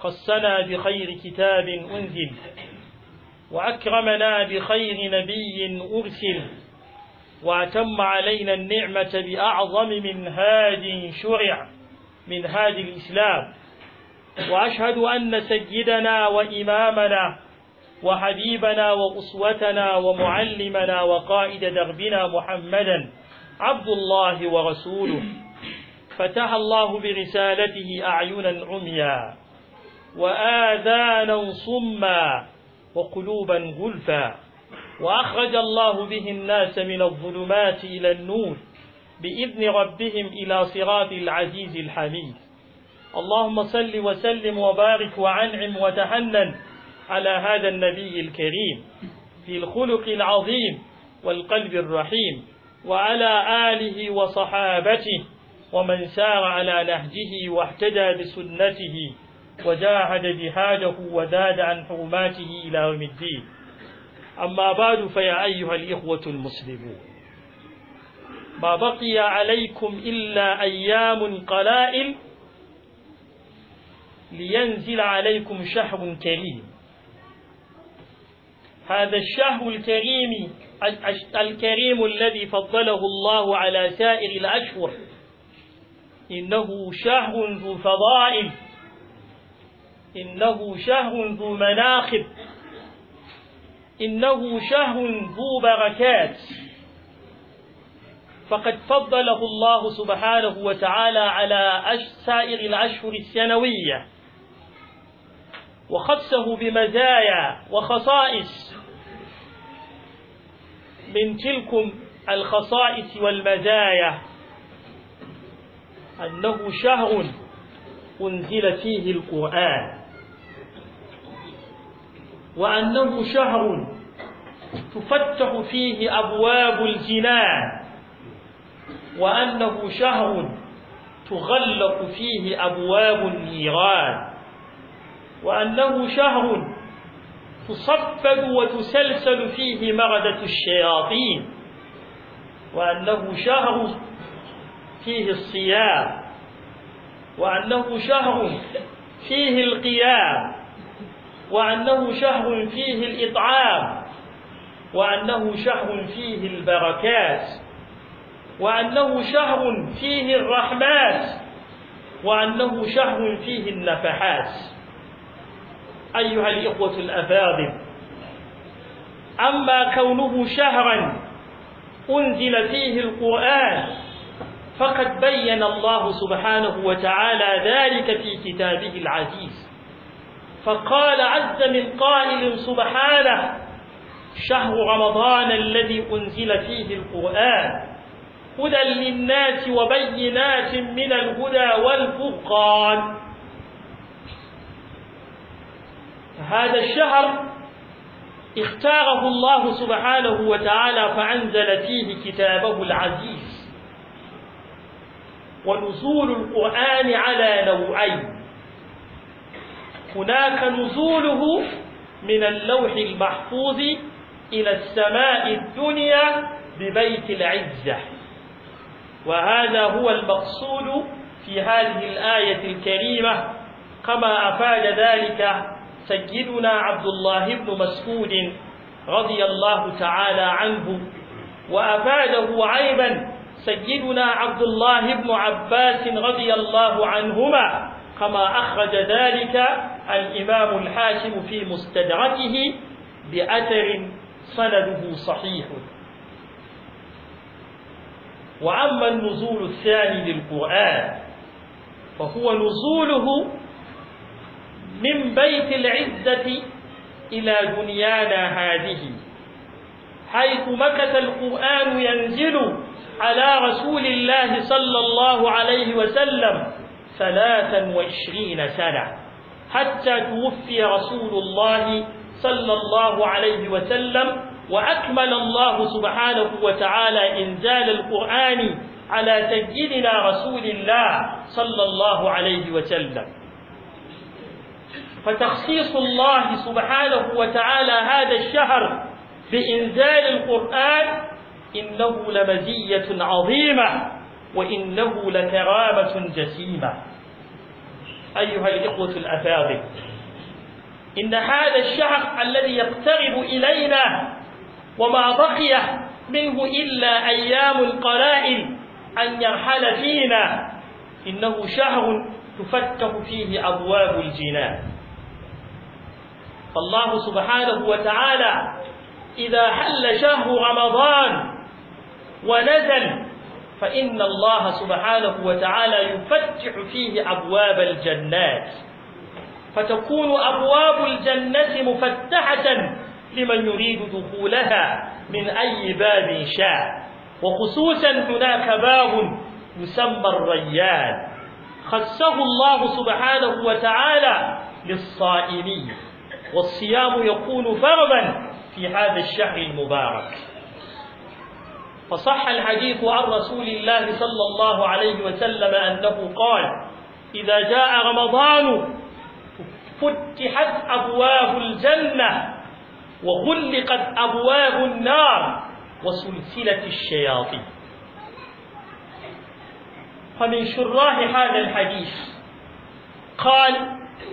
خصنا بخير كتاب أنزل وأكرمنا بخير نبي أرسل وأتم علينا النعمة بأعظم هاد شرع هاد الإسلام وأشهد أن سيدنا وإمامنا وحبيبنا وأسوتنا ومعلمنا وقائد دربنا محمدا عبد الله ورسوله فتح الله برسالته أعينا عميا وآذانا صما وقلوبا غلفا وأخرج الله به الناس من الظلمات إلى النور بإذن ربهم إلى صراط العزيز الحميد اللهم صل وسلم وبارك وعنعم وتهنن على هذا النبي الكريم في الخلق العظيم والقلب الرحيم وعلى آله وصحابته ومن سار على نهجه واهتدى بسنته وجاهد جهاده وزاد عن حرماته إلى يوم الدين أما بعد فيا أيها الإخوة المسلمون ما بقي عليكم إلا أيام قلائل لينزل عليكم شهر كريم هذا الشهر الكريم الكريم الذي فضله الله على سائر الأشهر إنه شهر ذو فضائل إنه شهر ذو مناخب إنه شهر ذو بركات فقد فضله الله سبحانه وتعالى على سائر الأشهر السنوية وخصه بمزايا وخصائص من تلكم الخصائص والمزايا أنه شهر أنزل فيه القرآن وأنه شهر تفتح فيه أبواب الجنان وأنه شهر تغلق فيه أبواب النيران وأنه شهر تصفد وتسلسل فيه مردة الشياطين وأنه شهر فيه الصيام وأنه شهر فيه القيام وأنه شهر فيه الإطعام وأنه شهر فيه البركات وأنه شهر فيه الرحمات وأنه شهر فيه النفحات أيها الإخوة الأفاضل أما كونه شهرا أنزل فيه القرآن فقد بين الله سبحانه وتعالى ذلك في كتابه العزيز فقال عز من قائل سبحانه شهر رمضان الذي أنزل فيه القرآن هدى للناس وبينات من الهدى والفرقان هذا الشهر اختاره الله سبحانه وتعالى فأنزل فيه كتابه العزيز ونزول القرآن على نوعين هناك نزوله من اللوح المحفوظ إلى السماء الدنيا ببيت العزة وهذا هو المقصود في هذه الآية الكريمة كما أفاد ذلك سيدنا عبد الله بن مسعود رضي الله تعالى عنه وأفاده عيبا سيدنا عبد الله بن عباس رضي الله عنهما كما أخرج ذلك الإمام الحاكم في مستدركه بأثر سنده صحيح وأما النزول الثاني للقرآن فهو نزوله من بيت العزة إلى دنيانا هذه حيث مكث القرآن ينزل على رسول الله صلى الله عليه وسلم ثلاثا وعشرين سنة حتى توفي رسول الله صلى الله عليه وسلم وأكمل الله سبحانه وتعالى إنزال القرآن على سيدنا رسول الله صلى الله عليه وسلم فتخصيص الله سبحانه وتعالى هذا الشهر بإنزال القرآن إنه لمزية عظيمة وإنه لكرامة جسيمة أيها الإخوة الأفاضل إن هذا الشهر الذي يقترب إلينا وما بقي منه إلا أيام قلائل أن يرحل فينا إنه شهر تفتح فيه أبواب الجنان فالله سبحانه وتعالى إذا حل شهر رمضان ونزل فإن الله سبحانه وتعالى يفتح فيه أبواب الجنات فتكون أبواب الجنة مفتحة لمن يريد دخولها من أي باب شاء وخصوصا هناك باب يسمى الريان خصه الله سبحانه وتعالى للصائمين والصيام يكون فرضا في هذا الشهر المبارك فصح الحديث عن رسول الله صلى الله عليه وسلم أنه قال إذا جاء رمضان فتحت أبواب الجنة وغلقت أبواب النار وسلسلة الشياطين فمن شراح هذا الحديث قال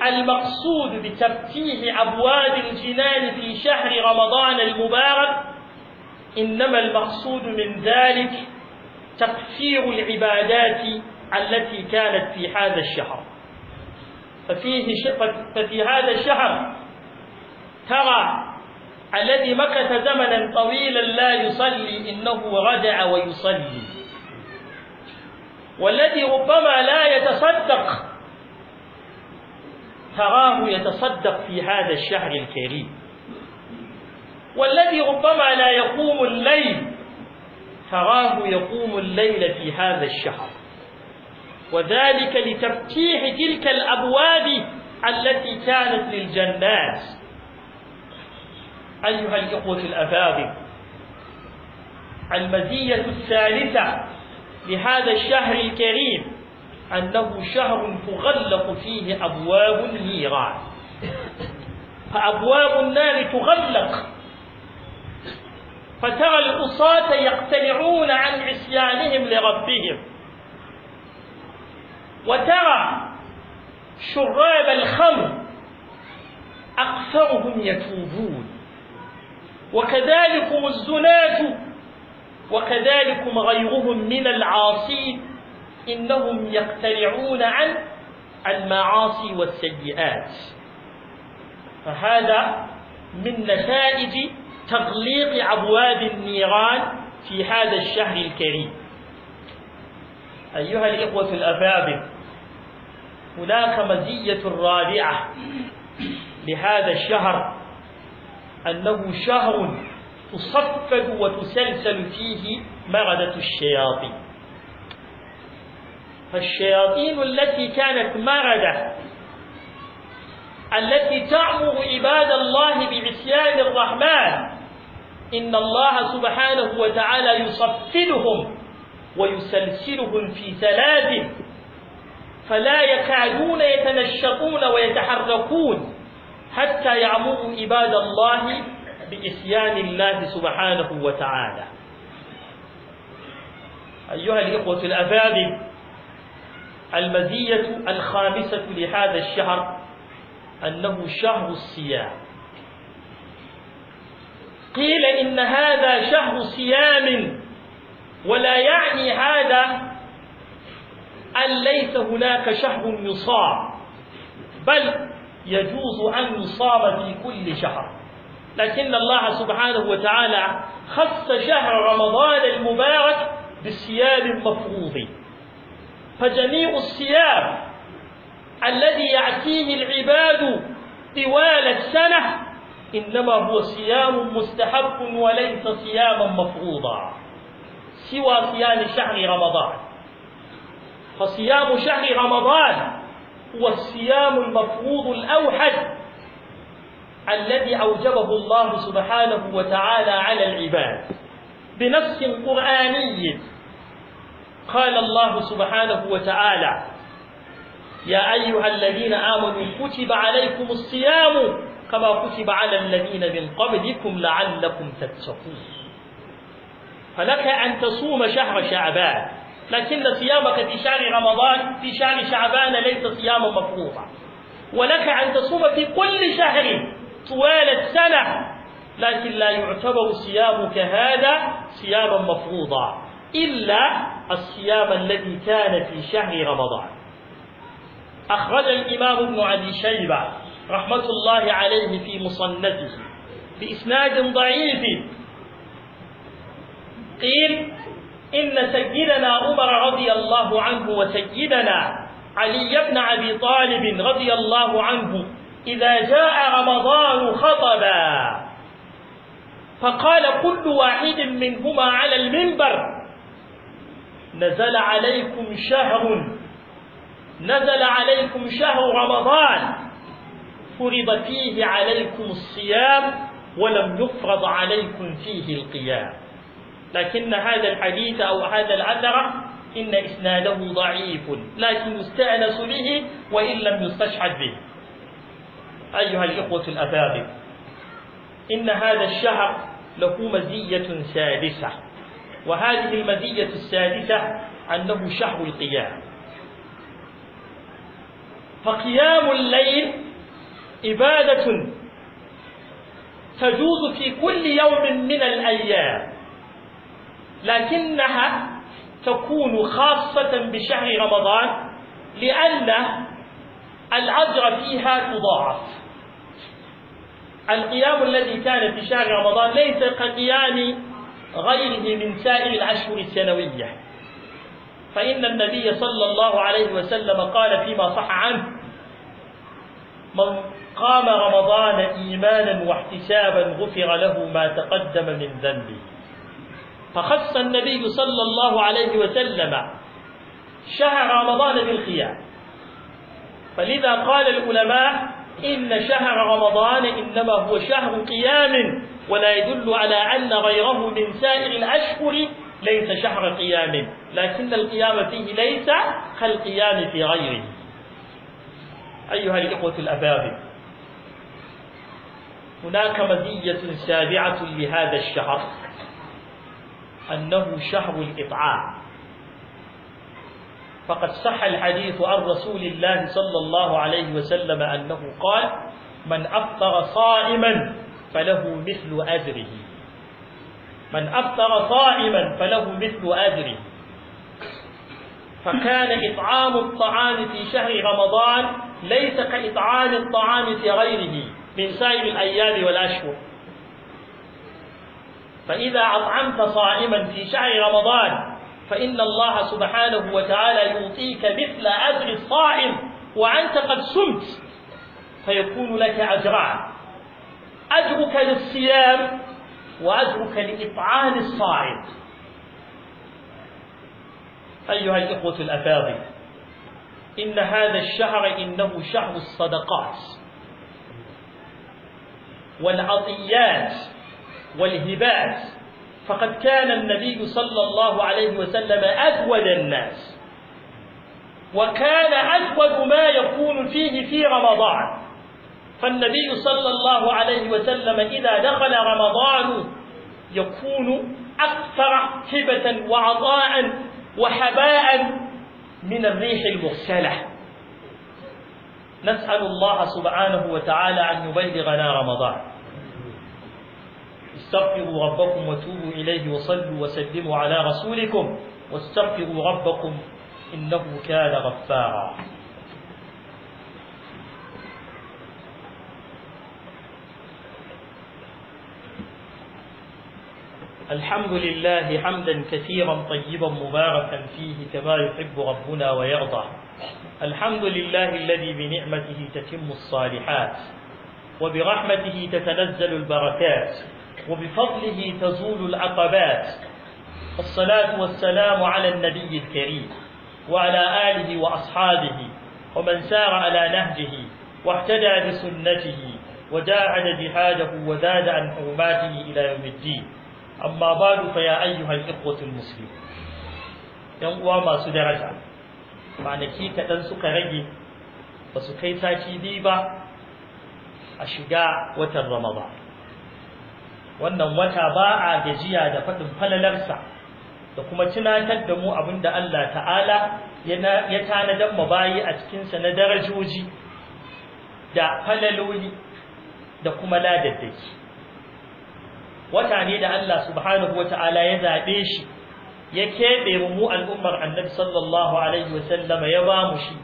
المقصود بتفتيح أبواب الجنان في شهر رمضان المبارك إنما المقصود من ذلك تقصير العبادات التي كانت في هذا الشهر ففيه ش... ففي هذا الشهر ترى الذي مكث زمنا طويلا لا يصلي إنه ردع ويصلي والذي ربما لا يتصدق تراه يتصدق في هذا الشهر الكريم والذي ربما لا يقوم الليل تراه يقوم الليل في هذا الشهر وذلك لتفتيح تلك الأبواب التي كانت للجنات أيها الإخوة الأفاضل المزية الثالثة لهذا الشهر الكريم أنه شهر تغلق فيه أبواب النيران فأبواب النار تغلق فترى العصاة يقتلعون عن عصيانهم لربهم وترى شراب الخمر أكثرهم يتوبون وكذلكم الزناة وكذلكم غيرهم من العاصين إنهم يقتلعون عن المعاصي والسيئات فهذا من نتائج تغليق أبواب النيران في هذا الشهر الكريم أيها الإخوة الأفاضل هناك مزية رابعة لهذا الشهر أنه شهر تصفد وتسلسل فيه مردة الشياطين فالشياطين التي كانت مردة التي تعمر عباد الله بعصيان الرحمن إن الله سبحانه وتعالى يصفلهم ويسلسلهم في ثلاث فلا يكادون يتنشقون ويتحركون حتى يعمروا عباد الله بإسيان الله سبحانه وتعالى أيها الإخوة الأفاضل المزية الخامسة لهذا الشهر أنه شهر الصيام قيل إن هذا شهر صيام ولا يعني هذا أن ليس هناك شهر يصام بل يجوز أن يصام في كل شهر لكن الله سبحانه وتعالى خص شهر رمضان المبارك بالصيام المفروض فجميع الصيام الذي يأتيه العباد طوال السنة إنما هو صيام مستحب وليس صياما مفروضا سوى صيام شهر رمضان فصيام شهر رمضان هو الصيام المفروض الأوحد الذي أوجبه الله سبحانه وتعالى على العباد بنص قرآني قال الله سبحانه وتعالى يا أيها الذين آمنوا كتب عليكم الصيام كما كتب على الذين من قبلكم لعلكم تتقون فلك أن تصوم شهر شعبان لكن صيامك في شهر رمضان في شهر شعبان ليس صياما مفروضا ولك أن تصوم في كل شهر طوال السنة لكن لا يعتبر صيامك هذا صياما مفروضا إلا الصيام الذي كان في شهر رمضان أخرج الإمام ابن ابي شيبة رحمة الله عليه في مصنفه بإسناد ضعيف قيل إن سيدنا عمر رضي الله عنه وسيدنا علي بن أبي طالب رضي الله عنه إذا جاء رمضان خطبا فقال كل واحد منهما على المنبر نزل عليكم شهر نزل عليكم شهر رمضان فرض فيه عليكم الصيام ولم يفرض عليكم فيه القيام لكن هذا الحديث أو هذا الأثر إن إسناده ضعيف لكن يستأنس به وإن لم يستشهد به أيها الإخوة الأفاضل إن هذا الشهر له مزية سادسة وهذه المزية السادسة أنه شهر القيام فقيام الليل عبادة تجوز في كل يوم من الأيام لكنها تكون خاصة بشهر رمضان لأن الأجر فيها تضاعف القيام الذي كان في شهر رمضان ليس كقيام غيره من سائر الأشهر السنوية فإن النبي صلى الله عليه وسلم قال فيما صح عنه من قام رمضان إيمانا واحتسابا غفر له ما تقدم من ذنبه فخص النبي صلى الله عليه وسلم شهر رمضان بالقيام فلذا قال العلماء إن شهر رمضان إنما هو شهر قيام ولا يدل على أن غيره من سائر الأشهر ليس شهر قيام لكن القيام فيه ليس كالقيام في غيره أيها الإخوة الأبابل هناك مزية سابعة لهذا الشهر أنه شهر الإطعام فقد صح الحديث عن رسول الله صلى الله عليه وسلم أنه قال من أفطر صائما فله مثل أجره من أفطر صائما فله مثل أجره فكان إطعام الطعام في شهر رمضان ليس كإطعام الطعام في غيره من سائر الأيام والأشهر فإذا أطعمت صائما في شهر رمضان فإن الله سبحانه وتعالى يعطيك مثل أجر الصائم وأنت قد صمت فيكون لك أجران أجرك للصيام وأجرك لإطعام الصائم أيها الإخوة الأفاضل إن هذا الشهر إنه شهر الصدقات والعطيات والهبات فقد كان النبي صلى الله عليه وسلم أجود الناس وكان أجود ما يكون فيه في رمضان فالنبي صلى الله عليه وسلم إذا دخل رمضان يكون أكثر هبة وعطاء وحباء من الريح المرسلة نسأل الله سبحانه وتعالى أن يبلغنا رمضان استغفروا ربكم وتوبوا إليه وصلوا وسلموا على رسولكم واستغفروا ربكم إنه كان غفارا الحمد لله حمدا كثيرا طيبا مباركا فيه كما يحب ربنا ويرضى الحمد لله الذي بنعمته تتم الصالحات وبرحمته تتنزل البركات وبفضله تزول العقبات الصلاة والسلام على النبي الكريم وعلى آله وأصحابه ومن سار على نهجه واهتدى بسنته وجاهد جهاده وزاد عن حرماته إلى يوم الدين أما بعد فيا أيها الإخوة المسلمون يوم ما سدرجا kwanaki kaɗan suka rage ba su kai sati biyu ba a shiga watan ramadan wannan wata ba a gajiya da faɗin falalarsa da kuma tunatar da mu abin da Allah ta'ala ya tanadar tanadan bayi a cikinsa na darajoji da falaloli da kuma ladaddaki wata ne da Allah subhanahu wa ta'ala ya zaɓe shi ya keɓe mu al'ummar annabi sallallahu alaihi wasallam ya ba mu shi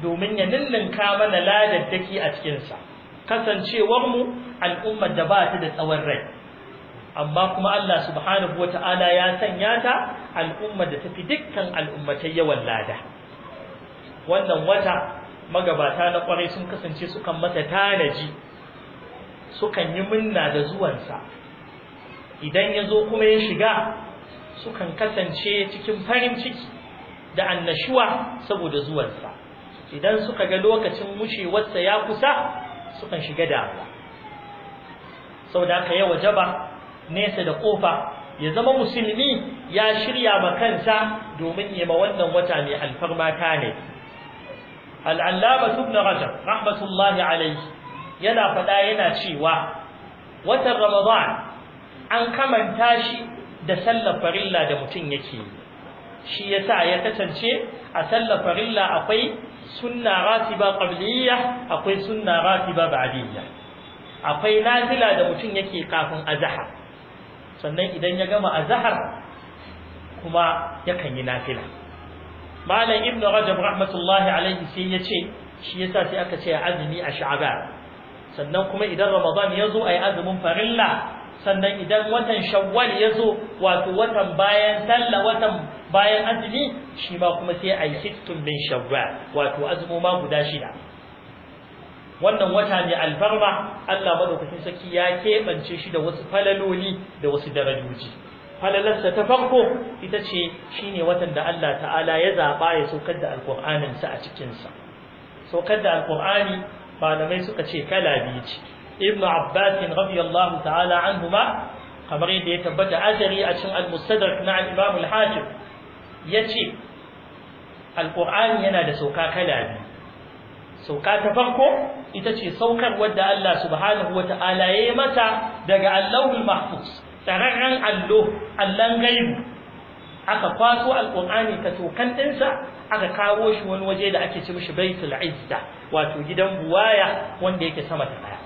domin ya ninninka mana ladaddaki a cikinsa kasancewar mu al'ummar da ba ta da tsawon rai amma kuma Allah subhanahu wa ta'ala ya sanya ta al'ummar da tafi dukkan al'ummatai yawan lada wannan wata magabata na kwarai sun kasance sukan masa tanaji sukan yi minna da zuwansa idan ya zo kuma ya shiga sukan kasance cikin farin ciki da annashuwa saboda zuwansa idan suka ga lokacin mushewarsa ya kusa sukan shiga damuwa saboda haka ya wajaba nesa da kofa ya zama musulmi ya shirya ma kansa domin ya wannan wata mai alfarma ne al'allama ibn rajab rahmatullahi alayhi yana faɗa yana cewa watan ramadan an kamanta shi da sallar farilla da mutum yake shi yasa ya kasance a sallar farilla akwai sunna ratiba qabliyya akwai sunna ratiba ba'diyya akwai nafila da mutum yake kafin azhar sannan idan ya gama azhar kuma yakan yi nafila malam ibnu rajab rahmatullahi alaihi sai ya ce shi yasa sai aka ce azumi a sha'ban sannan kuma idan ramadan ya zo ayi azumin farilla sannan idan watan shawwal ya zo wato watan bayan sallah watan bayan azumi shi ma kuma sai a yi sittun min shawwal wato ma guda shida wannan wata mai alfarma Allah madaukakin saki ya keɓance shi da wasu falaloli da wasu darajoji falalarsa ta farko ita ce shine watan da Allah ta'ala ya zaɓa ya saukar da alƙur'aninsa a cikinsa saukar da alƙur'ani malamai suka ce kala biyu ce ibnu abbas radiyallahu ta'ala anhuma kamar yadda ya tabbata asari a cikin al-mustadrak na al-imam al-hakim yace al-qur'ani yana da sauka kala biyu sauka ta farko ita ce saukar wadda Allah subhanahu Ta'ala ya yi mata daga Allahul Mahfuz tsararren allo allan gaibu aka kwaso qurani ka tokan dinsa aka kawo shi wani waje da ake ce mishi baitul izza wato gidan buwaya wanda yake sama ta daya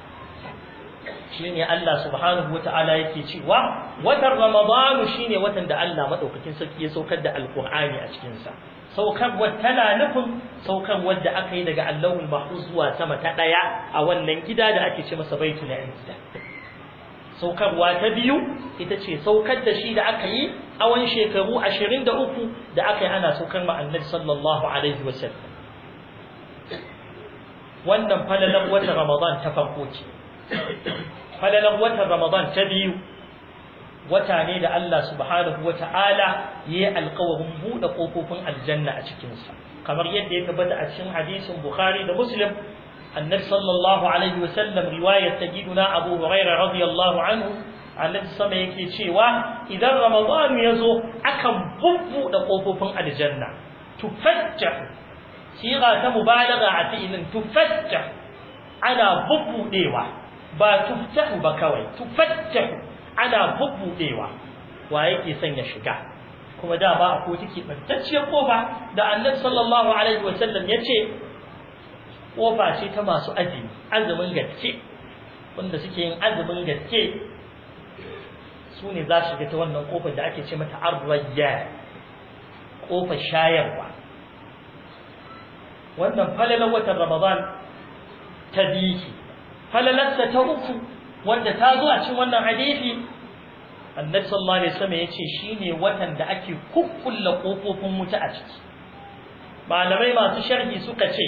shine Allah subhanahu wata'ala yake cewa watan Ramadan shine watan da Allah madaukakin sarki ya saukar da Alkur'ani a cikin sa saukar tana nufin saukar da aka yi daga Allahul Mahfuz zuwa sama ta daya a wannan gida da ake ce masa baitul izza saukarwa ta biyu ita ce saukar da shi da aka yi awon shekaru ashirin da uku da aka yi ana saukar ma annabi sallallahu alaihi wasallam wannan falalar wata Ramadan ta farko ce falalan watan ramadan ta biyu wata ne da Allah subhanahu wa ta'ala ya yi alkawarin buɗe ƙofofin aljanna a cikinsa kamar yadda ya tabbata a cikin hadisin bukhari da muslim annabi sallallahu alaihi wa sallam riwayar ta giduna abu huraira radiyallahu anhu annabi sama yake cewa idan ramadan ya zo akan bubbuɗe ƙofofin aljanna tufajja siga ta mubalagha a fi'ilin tufajja ana bubbuɗewa ba tuftahu ba kawai tufattahu ana bubbudewa wa yake son ya shiga kuma da ba ko take bantacciyar kofa da Annabi sallallahu alaihi wasallam yace kofa ce ta masu azumi azumin gaske wanda suke yin azumin gaske su ne za shiga ta wannan kofar da ake ce mata arrayya kofar shayarwa wannan falalar watan Ramadan ta biki falalarsa ta uku wanda ta zo a cikin wannan hadisi annabi sallallahu alaihi wasallam yace shine watan da ake kukkulla kofofin wuta a ciki malamai masu sharhi suka ce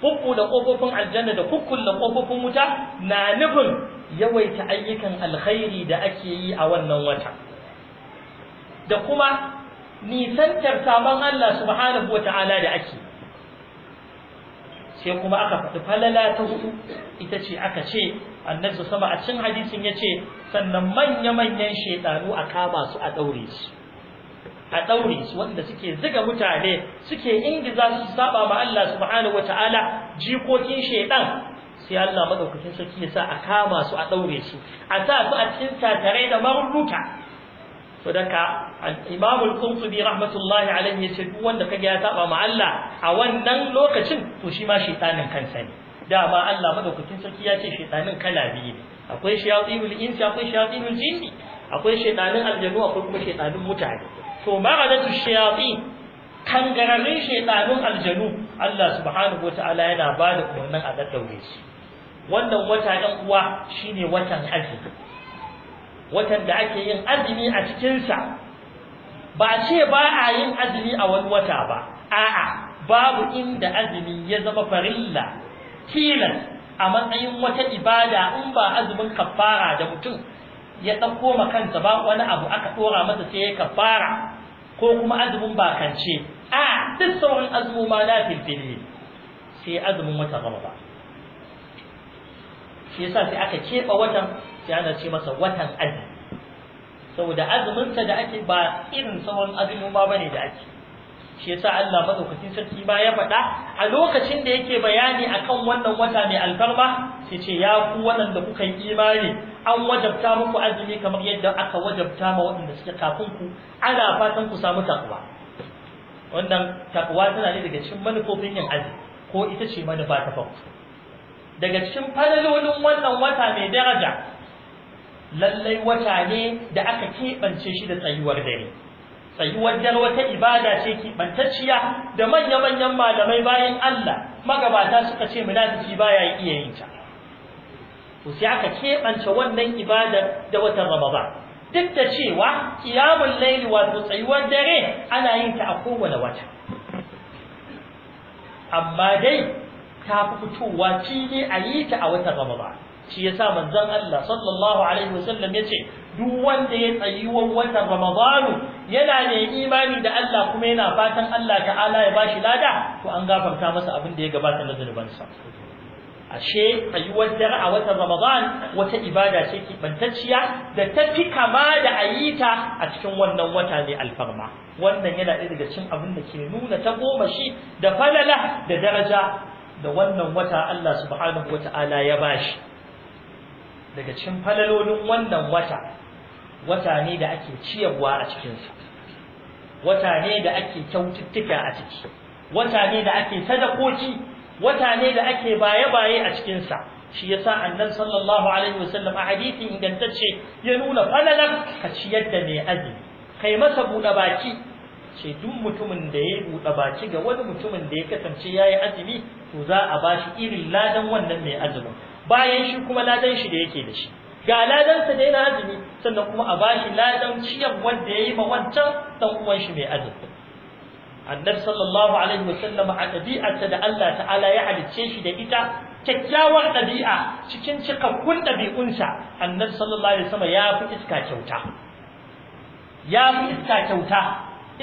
kukkulla kofofin aljanna da kukkulla kofofin wuta na nufin yawaita ayyukan alkhairi da ake yi a wannan wata da kuma nisantar saban Allah subhanahu wata'ala da ake sai kuma aka faɗi falala ta hudu ita ce aka ce annabi sama a cin hadisin yace sannan manya-manyan shaidanu a kama su a daure su a daure su wanda suke ziga mutane suke ingiza su saba ma Allah subhanahu wata'ala jikokin shaidan sai Allah madaukakin sarki ya sa a kama su a daure su a sa su a cikin tare da maruruka sadaka imamul al-qurtubi rahmatullahi alaihi ce duk wanda kaga ya saba ma Allah a wannan lokacin to shi ma shaytanin kansa ne dama Allah madaukakin sarki ya ce shaytanin kala biyu ne akwai shayatinul insi akwai shayatinul jinni akwai shaytanin aljannu akwai kuma shaytanin mutane to maradatu shayatin kangararin shaytanin aljanu Allah subhanahu wataala yana bada da umarnin a daddaure shi wannan wata ɗan uwa shine watan azumi watan da ake yin azumi a cikinsa ba ce ba a yin azumi a wani wata ba a'a babu inda azumi ya zama farilla tilas a matsayin wata ibada in ba azumin kafara da mutum ya ɗauko ma kansa ba wani abu aka ɗora masa sai ya kafara ko kuma azumin bakance a duk sauran azumi ma na filfili sai azumin wata ba shi yasa sai aka keɓe watan sai ana ce masa watan azumi saboda azuminsa da ake ba irin sauran azumin ba bane da ake shi yasa Allah madaukaki sarki ba ya faɗa a lokacin da yake bayani akan wannan wata mai alfarma sai ce ya ku waɗanda kuka yi imani an wajabta muku azumi kamar yadda aka wajabta ma waɗanda suke kafin ku ana fatan ku samu takwa wannan takwa tana ne daga cikin manufofin yin azumi ko ita ce manufa ta farko daga cikin fadalolin wannan wata mai daraja lallai wata ne da aka keɓance shi da tsayuwar dare tsayuwar dare wata ibada ce keɓantacciya da manya-manyan malamai bayan Allah magabata suka ce munafiki baya iya yin ta to sai aka keɓance wannan ibadar da watan Ramadan duk da cewa qiyamul laili wato tsayuwar dare ana yin ta a kowane wata amma dai ta fi fitowa fili a yi ta a watan Ramadan shi yasa manzon Allah sallallahu alaihi wasallam yace duk wanda ya tsayi watan Ramadan yana ne imani da Allah kuma yana fatan Allah ta'ala ya bashi lada to an gafarta masa abin da ya gabata na zunubansa ashe tsayuwar dare a watan Ramadan wata ibada ce bantacciya da ta fi kama da ayita a cikin wannan wata ne alfarma wannan yana ɗaya daga cikin abin da ke nuna ta goma shi da falala da daraja da wannan wata Allah subhanahu wata'ala ya bashi daga cikin falalolin wannan wata wata ne da ake ciyarwa a cikinsa wata ne da ake kyaututtuka a ciki wata ne da ake sadakoki wata ne da ake baye-baye a cikinsa shi ya sa annan sallallahu alaihi wasallam a hadithin ingantacce ya nuna falalar ka ciyar da mai azumi kai masa buɗe baki ce duk mutumin da ya buɗe baki ga wani mutumin da ya kasance ya yi azumi to za a bashi irin ladan wannan mai azumin bayan shi kuma ladan shi da yake da shi ga ladansa da yana azumi sannan kuma a bashi ladan ciyar wanda ya yi ma wancan dan uwan shi mai azumi annabi sallallahu alaihi wasallam a ɗabi'arsa da Allah ta'ala ya halicce shi da ita kyakkyawar ɗabi'a cikin cikakkun ɗabi'unsa annabi sallallahu alaihi wasallam ya fi iska kyauta ya fi iska kyauta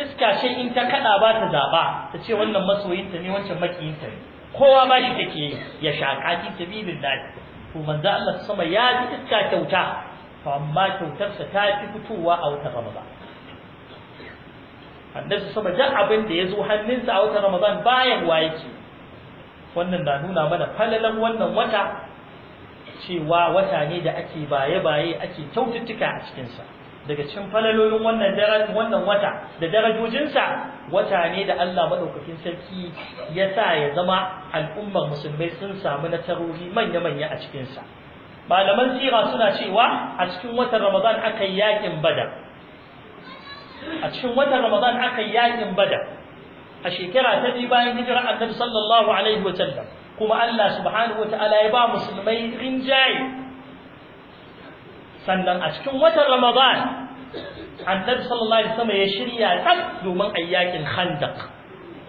iska shi in ta kada ba ta zaba ta ce wannan masoyinta ne wancan makiyinta ne kowa ma shi take ya ya shaƙa fi sabilillah to manzo Allah sama ya ji iska kyauta to amma kyautarsa ta fi fitowa a wata Ramadan annabi sama duk abin da ya zo hannunsa a wata Ramadan bayan wa wannan na nuna mana falalan wannan wata cewa wata ne da ake baye-baye ake kyaututtuka a cikinsa. daga cikin falalolin wannan wannan wata da darajojinsa wata ne da Allah madaukakin sarki ya sa ya zama al'ummar musulmai sun samu nasarori manya-manya a cikinsa malaman sira suna cewa a cikin watan ramadan aka yi yakin badar a cikin watan ramadan aka yi yakin bada a shekara ta biyu bayan hijira annabi sallallahu alaihi wa sallam kuma Allah subhanahu wa ta'ala ya ba musulmai rinjaye sannan a cikin watan ramadan annabi sallallahu alaihi wasallam ya shirya tsaf domin ayyakin khandaq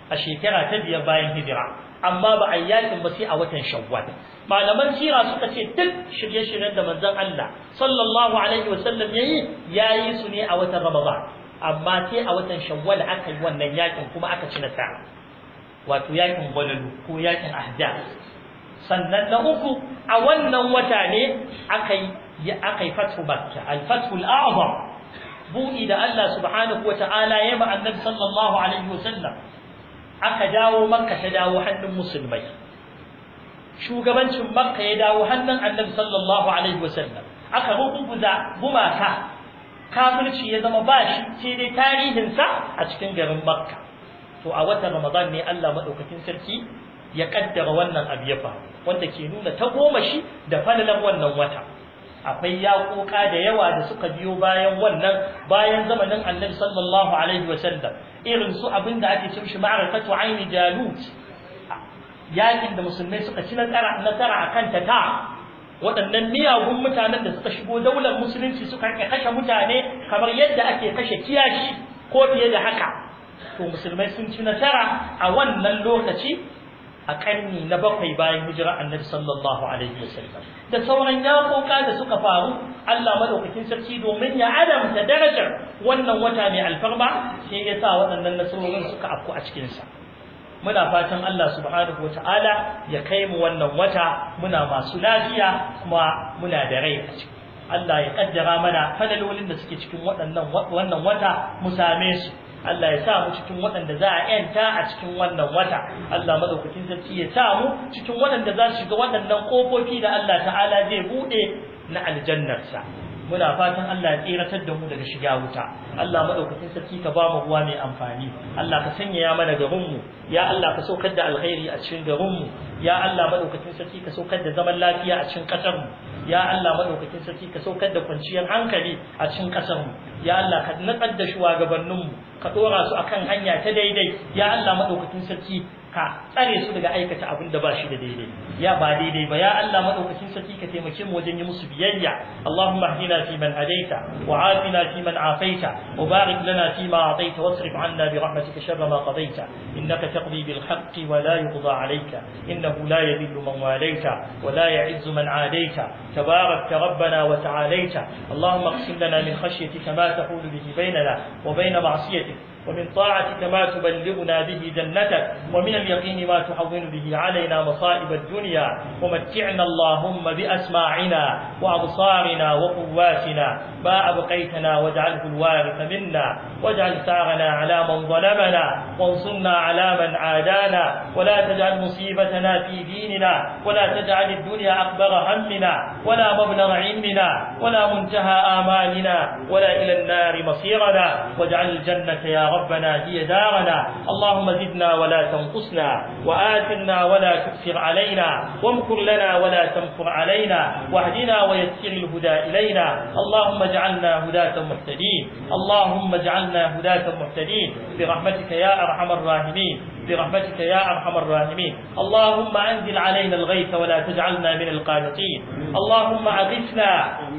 a shekara ta biyar bayan hijira amma ba ayyakin ba sai a watan shawwal malaman sira suka ce duk shirye-shiryen da manzon Allah sallallahu alaihi wasallam yayi yayi su ne a watan ramadan amma sai a watan shawwal aka yi wannan yakin kuma aka ci nasara wato yakin gwalalu ko yakin ahda sannan na uku a wannan wata ne aka yi ya akai fathu makka al-fathu al buɗi da Allah subhanahu wa ta'ala ya ma annabi sallallahu alaihi wasallam aka dawo makka ta dawo hannun musulmai shugabancin makka ya dawo hannun annabi sallallahu alaihi wasallam aka rubuta gumaka kafirci ya zama ba shi sai dai tarihinsa a cikin garin makka to a watan ramadan ne Allah madaukakin sarki ya kaddara wannan abu ya faru wanda ke nuna ta goma shi da fadalar wannan wata akwai yaƙoƙa da yawa da suka biyo bayan wannan bayan zamanin annabi sallallahu alaihi wa sallam irin su abin da ake cin shi ma'arifatu aini jalut yaƙin da musulmai suka ci nasara nasara akan ta ta waɗannan miyagun mutanen da suka shigo daular musulunci suka kashe mutane kamar yadda ake kashe kiyashi ko fiye da haka to musulmai sun ci nasara a wannan lokaci a karni na bakwai bayan hijira annabi sallallahu alaihi wasallam da sauran yaƙoƙa da suka faru Allah madaukakin sarki domin ya adamta darajar wannan wata mai alfarma sai ya sa waɗannan nasarorin suka afku a cikinsa muna fatan Allah subhanahu wata'ala ya kai mu wannan wata muna masu lafiya kuma muna da rai a ciki Allah ya kaddara mana fadalolin da suke cikin waɗannan wannan wata mu same su Allah ya sa mu cikin waɗanda za a yanta a cikin wannan wata Allah madaukakin sarki ya sa mu cikin waɗanda za su shiga waɗannan kofofi da Allah ta'ala zai buɗe na aljannarsa muna fatan Allah ya tseratar da mu daga shiga wuta Allah madaukakin sarki ka ba mu ruwa mai amfani Allah ka sanya mana garin mu ya Allah ka saukar da alkhairi a cikin garin mu ya Allah madaukakin sarki ka saukar da zaman lafiya a cikin kasar mu ya Allah madaukakin sarki ka saukar da kwanciyar hankali a cikin kasar mu ya Allah ka nakar da shugabannin mu ka dora su akan hanya ta daidai ya Allah madaukakin sarki ka tsare su daga aikata abin da ba shi da daidai ya ba daidai ba ya Allah madaukakin sarki ka taimake mu wajen yi musu biyayya Allahumma hdina fi man hadaita wa afina fi man afaita wa barik lana fi ma ataita wasrif anna bi rahmatika sharra ma qadaita innaka taqdi bil haqqi wa la yuqda alayka innahu la yadhillu man walaita wa la ya'izzu man adaita tabarakta rabbana wa ta'alaita Allahumma qsim lana min khashyatika ma tahulu bihi bainana wa bain ma'siyatika ومن طاعتك ما تبلغنا به جنتك ومن اليقين ما تحضن به علينا مصائب الدنيا ومتعنا اللهم بأسماعنا وأبصارنا وقواتنا ما أبقيتنا واجعله الوارث منا واجعل ثارنا على من ظلمنا وانصرنا على من عادانا ولا تجعل مصيبتنا في ديننا ولا تجعل الدنيا أكبر همنا ولا مبلغ علمنا ولا منتهى آمالنا ولا إلى النار مصيرنا واجعل الجنة يا ربنا هي دارنا اللهم زدنا ولا تنقصنا وآثرنا ولا تكثر علينا وامكر لنا ولا تمكر علينا واهدنا ويسر الهدى إلينا اللهم اجعلنا هداة مهتدين اللهم اجعلنا هداة مهتدين برحمتك يا أرحم الراحمين برحمتك يا أرحم الراحمين اللهم أنزل علينا الغيث ولا تجعلنا من القانطين اللهم أغثنا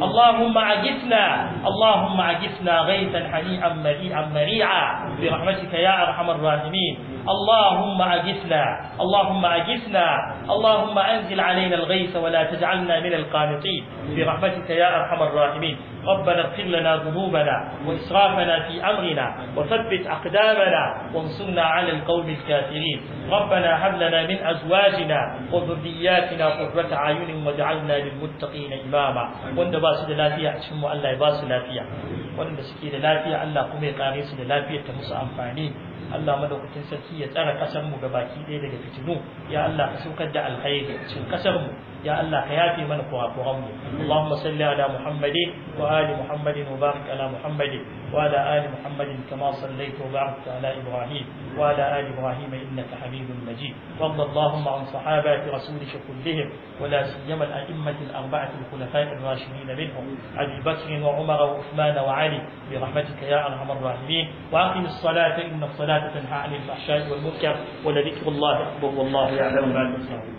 اللهم أغثنا اللهم أغثنا غيثا حنيئا مريئا مريعا برحمتك يا أرحم الراحمين اللهم أجسنا اللهم أجسنا اللهم أنزل علينا الغيث ولا تجعلنا من القانطين برحمتك يا أرحم الراحمين ربنا اغفر لنا ذنوبنا وإسرافنا في أمرنا وثبت أقدامنا وانصرنا على القوم الكافرين ربنا هب لنا من أزواجنا وذرياتنا قرة أعين واجعلنا للمتقين إماما وأن باسل لا فيها أشم أن لا باسل لا فيها وأن سكين لا فيها أن لا قوم قاريس لا فيها تمس أنفانين Allah madaukakin sarki ya tsara kasar mu baki ɗaya daga fitinu ya Allah ka saukar da alkhairi cikin kasar mu يا الله حياتي من قوى قومي اللهم صل على محمد وآل محمد وبارك على محمد وعلى آل محمد كما صليت وباركت على إبراهيم وعلى آل إبراهيم إنك حميد مجيد وارض اللهم عن صحابة رسولك كلهم ولا سيما الأئمة الأربعة الخلفاء الراشدين منهم أبي بكر وعمر وعثمان وعلي برحمتك يا أرحم الراحمين وأقم الصلاة إن الصلاة تنهى عن الفحشاء والمنكر ولذكر الله أكبر والله يعلم ما تصنعون